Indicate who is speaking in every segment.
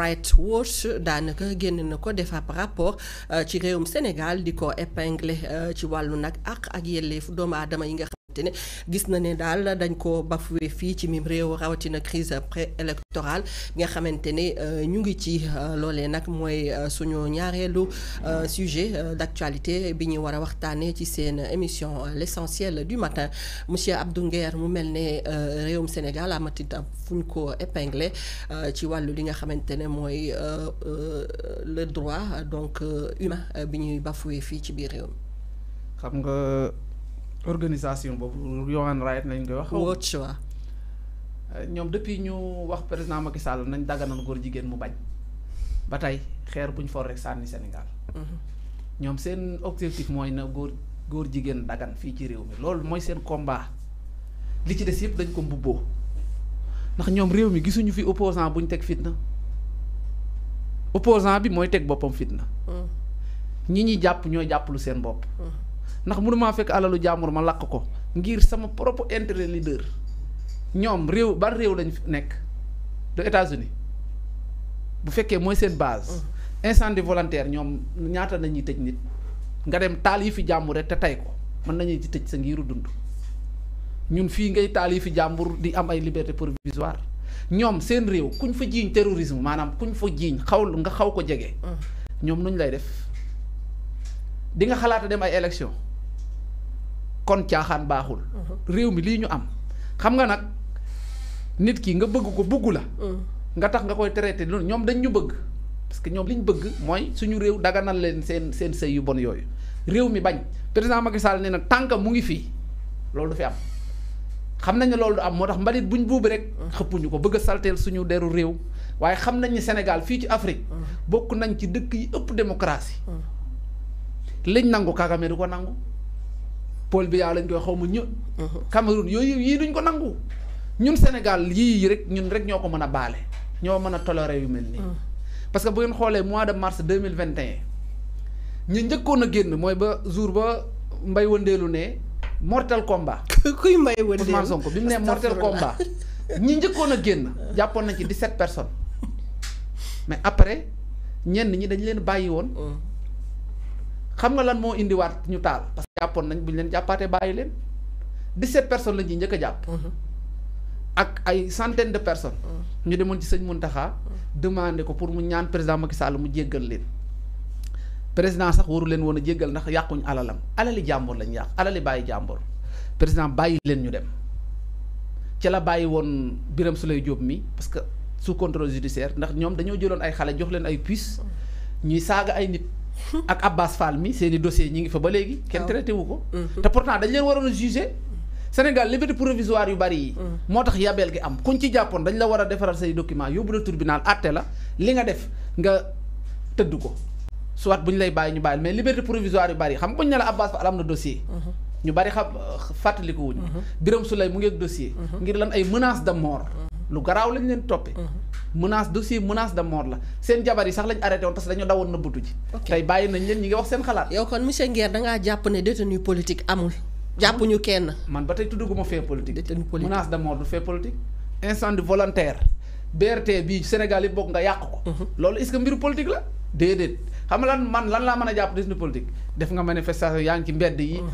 Speaker 1: Right Watch daanaka génn na ko def ab rapport euh, ci réewum Sénégal di ko épinglé euh, ci wàllu nag àq ak yelleefu doomu aadama yi nga xamante ne gis na ne daal dañ ko bafoué fii ci mim réew rawatina crise pré-électorale nga xamante ne euh, ñu ngi ci euh, loolee nag mooy euh, suñu ñaareelu sujet d'actualité bi ñu war a waxtaanee ci seen émission l'essentiel du matin monsieur Abdou Nguer mu mel ne réewum Sénégal amati fu ñu ko épinglé ci wàllu li nga xamante ne mooy le droit donc humain bi ñuy bafoué fii ci
Speaker 2: biir réew xam nga organisation boobu Human right nañ koy wax. Watch wa eh, ñoom depuis ñu wax président Macky Sall nañ daganal góor jigéen mu bañ ba tey xeer buñ for rek sànni Sénégal. Mhm. ñoom seen objectif mooy na góor góor jigéen dagan fii ci réew mi loolu mooy seen combat li ci des yëpp dañ ko mbubboo ndax ñoom réew mi gisuñu fi opposant buñ teg fitna opposant bi mooy teg boppam fitna. Mhm. ñi ñuy jàpp ñooy lu seen bopp. Mhm. ndax mënu maa fekk alalu jàmbur ma làkk ko ngir sama propre intérêt leader ñoom réew ban réew lañ nekk de États-Unis bu fekkee mooy seen base. Mm. incendie volontaire ñoom ñaata nañuy tëj nit. nga dem taal yi fi jàmbur rek te tey ko mën nañu ci tëj sa ngiiru dund ñun fii ngay taal yi fi jàmbur di am ay liberté provisoire ñoom seen réew kuñ fa jiiñ terrorisme maanaam kuñ fa jiiñ xaw nga xaw ko jege. Mm. ñoom nuñ lay def. di nga xalaata dem ay élection kon caaxaan baaxul mhm. rew mi li ñu am xam nga nak nit ki nga bëgg ko bugg la mhm. nga tax nga koy traité ñom dañ ñu bëgg parce que ñom liñ bëgg moy suñu réew daganal leen seen seen sey yu bon yoy rew mi bañ président Macky Sall nee na mu ngi fi loolu fi am xam nañ loolu du am motax mbalit buñ buub rek mhm. xëppuñu ko bëgg a suñu deru rew waye xam nañ ni Sénégal fi ci Afrique bokku nañ ci dëkk yi ëpp démocratie liñ nangu Kagame du ko nangu Paul Biya lañ koy xaw ma ñu. Uh-huh. Cameroun yooyu yii duñ ko nangu. ñun Sénégal yii rek ñun rek ñoo ko mën a baale ñoo mën a toléré yu mel nii. Uh-huh. parce que bu ngeen xoolee mois de mars deux mille vingt et un ñu njëkkoon a génn mooy ba jour ba mbay wëndeelu ne mortel combat. kuy mbay wëndeelu Ousmane Sonko bi mu nee mortel combat. ñi njëkkoon a génn jàppoon nañ ci dix sept personnes mais après ñenn ñi dañ leen bàyyi woon. Uh-huh. xam nga lan mo indi wat ñu taal parce que jàppoon nañ bu ñu leen jàppaatee bàyyi leen 17 personnes la ñuy njëkk a mhm. ak ay centaine de personnes. Mhm. ñu demone ci seigne muntaha mhm. demander ko pour mu ñaan président Macky Sall mu jéggal leen. président sax waru leen wona jéggal ndax yaquñ alalam alali jambor lañ yaq alali bayi jambor président bayi leen ñu dem ci la bayi won biram Souleye job mi parce que sous contrôle judiciaire ndax ñom dañu jëlone ay xalé jox leen ay puces ñuy saga ay nit. ak Abbas Fall mi seeni i dossiers ñi ngi fa ba léegi. kenn traité wu ko. Mm-hmm. te pourtant dañ leen waroon a jugé. Sénégal liberté provisoire yu bari yi. Mm-hmm. moo tax yabeel gi am kuñ ci jàppoon dañ la war a defaral say documents yóbbu la tribunal àtte la li nga def nga tëdd ko. soit bu ñu lay bàyyi ñu bàyyi mais liberté provisoire yu bari xam nga bu ñu ne la Abbas Fall am na dossier. Mm-hmm. ñu bari xam euh, fàttaliku wuñu. Birame Souleye mu ngi ak ngir lan ay menaces de mort. lu garaaw lañ leen toppee. menace dossier menace de mort la seen jabar yi sax lañ arrêté woon parce que dañoo dawoon nëbbatu ji. tey bàyyi nañ leen ñi ngi wax seen xalaat. yow kon monsieur Nguer da jàpp ne détenu politique amul. jàppuñu kenn. man ba tey tudduguma fee politique. détenu politique menace de mort du fee politique. incendie volontaire BRT bii Sénégal yi bokk nga yàq ko. Mhm. loolu est-ce que mbiru politique la déedéet. xam lan man lan laa mën a jàpp détenu politique def nga manifestation yaa ngi ci mbedd yi. Mhm.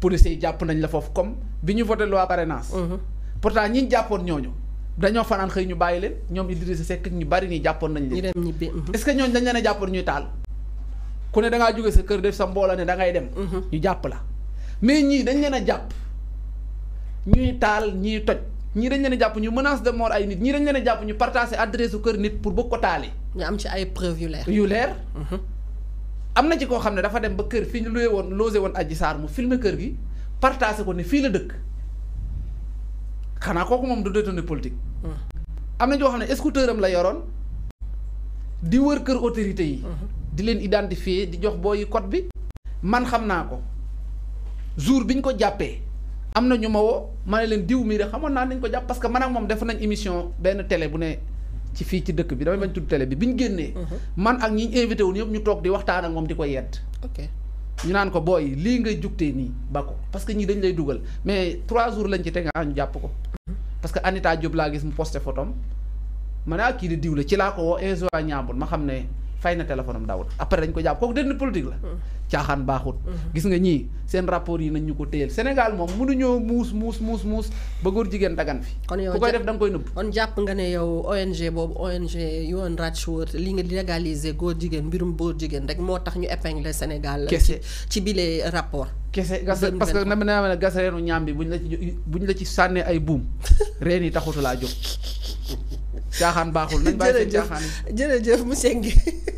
Speaker 2: policiers yi jàpp nañ la foofu comme bi ñu voté loi parrainage. Mhm. pourtant ñi jàppoon ñooñu dañoo fanaan xëy ñu bàyyi leen ñoom Idrissa Seck ñu bari nii jàppoon nañ leen. Mhm. est-ce que ñooñu dañ leen a jàppoon ñuy taal. ku ne da jóge sa kër def sa mboola ne dangay dem. Mhm. ñu jàpp la mais ñii dañ leen a jàpp ñuy taal ñuy toj ñii dañ leen jàpp ñu menace de mort ay nit ñii dañ leen jàpp ñu partagé adresse su kër nit pour bëgg ko taali.
Speaker 1: ñu am ci ay preuve yu leer. yu
Speaker 2: leer. Mhm. am na ci koo xam ne dafa dem ba kër fi ñu luye woon logé woon Adji saar mu filmer kër gi partagé ko ne fii la dëkk. xanaa kooku moom du détenu politique. Hmm. am na ñoo xam ne scooter am la yoroon di wër kër autorité yi. Hmm. di leen identifier di jox booyi code bi. man xam naa ko jour bi ñu ko jàppee am na ñu ma woo ma ne leen diw mii xamoon naa nañ ko jàpp parce que man ak moom def nañ émission benn télé bu ne ci fii ci dëkk bi damay bañ tudd tele bi bi ñu génnee. Hmm. man ak ñi ñu invité wu ñëpp ñu toog di waxtaan ak moom di ko yedd. ñu naan ko booy lii ngay jugtee nii ba ko parce que ñii dañ lay dugal mais trois jours lañ ci te nga ñu jàpp ko. parce que Anita Diop laa gis mu posté photom ma ne ah kii di diw ci laa ko woo injoignable ma xam ne. fay na téléphone am daawul après dañ ko jàpp kooku déet politique la. Hmm. caaxaan baaxut. Hmm. gis nga ñii seen rapport yi nañ ñu ko téyel Sénégal moom mënuñoo muus muus muus muus ba góor jigéen dagan fi. kon yow ku def
Speaker 1: da nga koy nëbb. kon jàpp nga ne yow ONG boobu ONG UN Rights Watch li nga légaliser góor jigéen mbirum góor jigéen rek moo tax ñu épingler Sénégal. kese ci bile rapport. kese gasa parce que na ma
Speaker 2: ne gasa reenu ñaam bi buñ la la ci sànnee ay buum reen yi taxutu laa jóg caaxaan baaxul.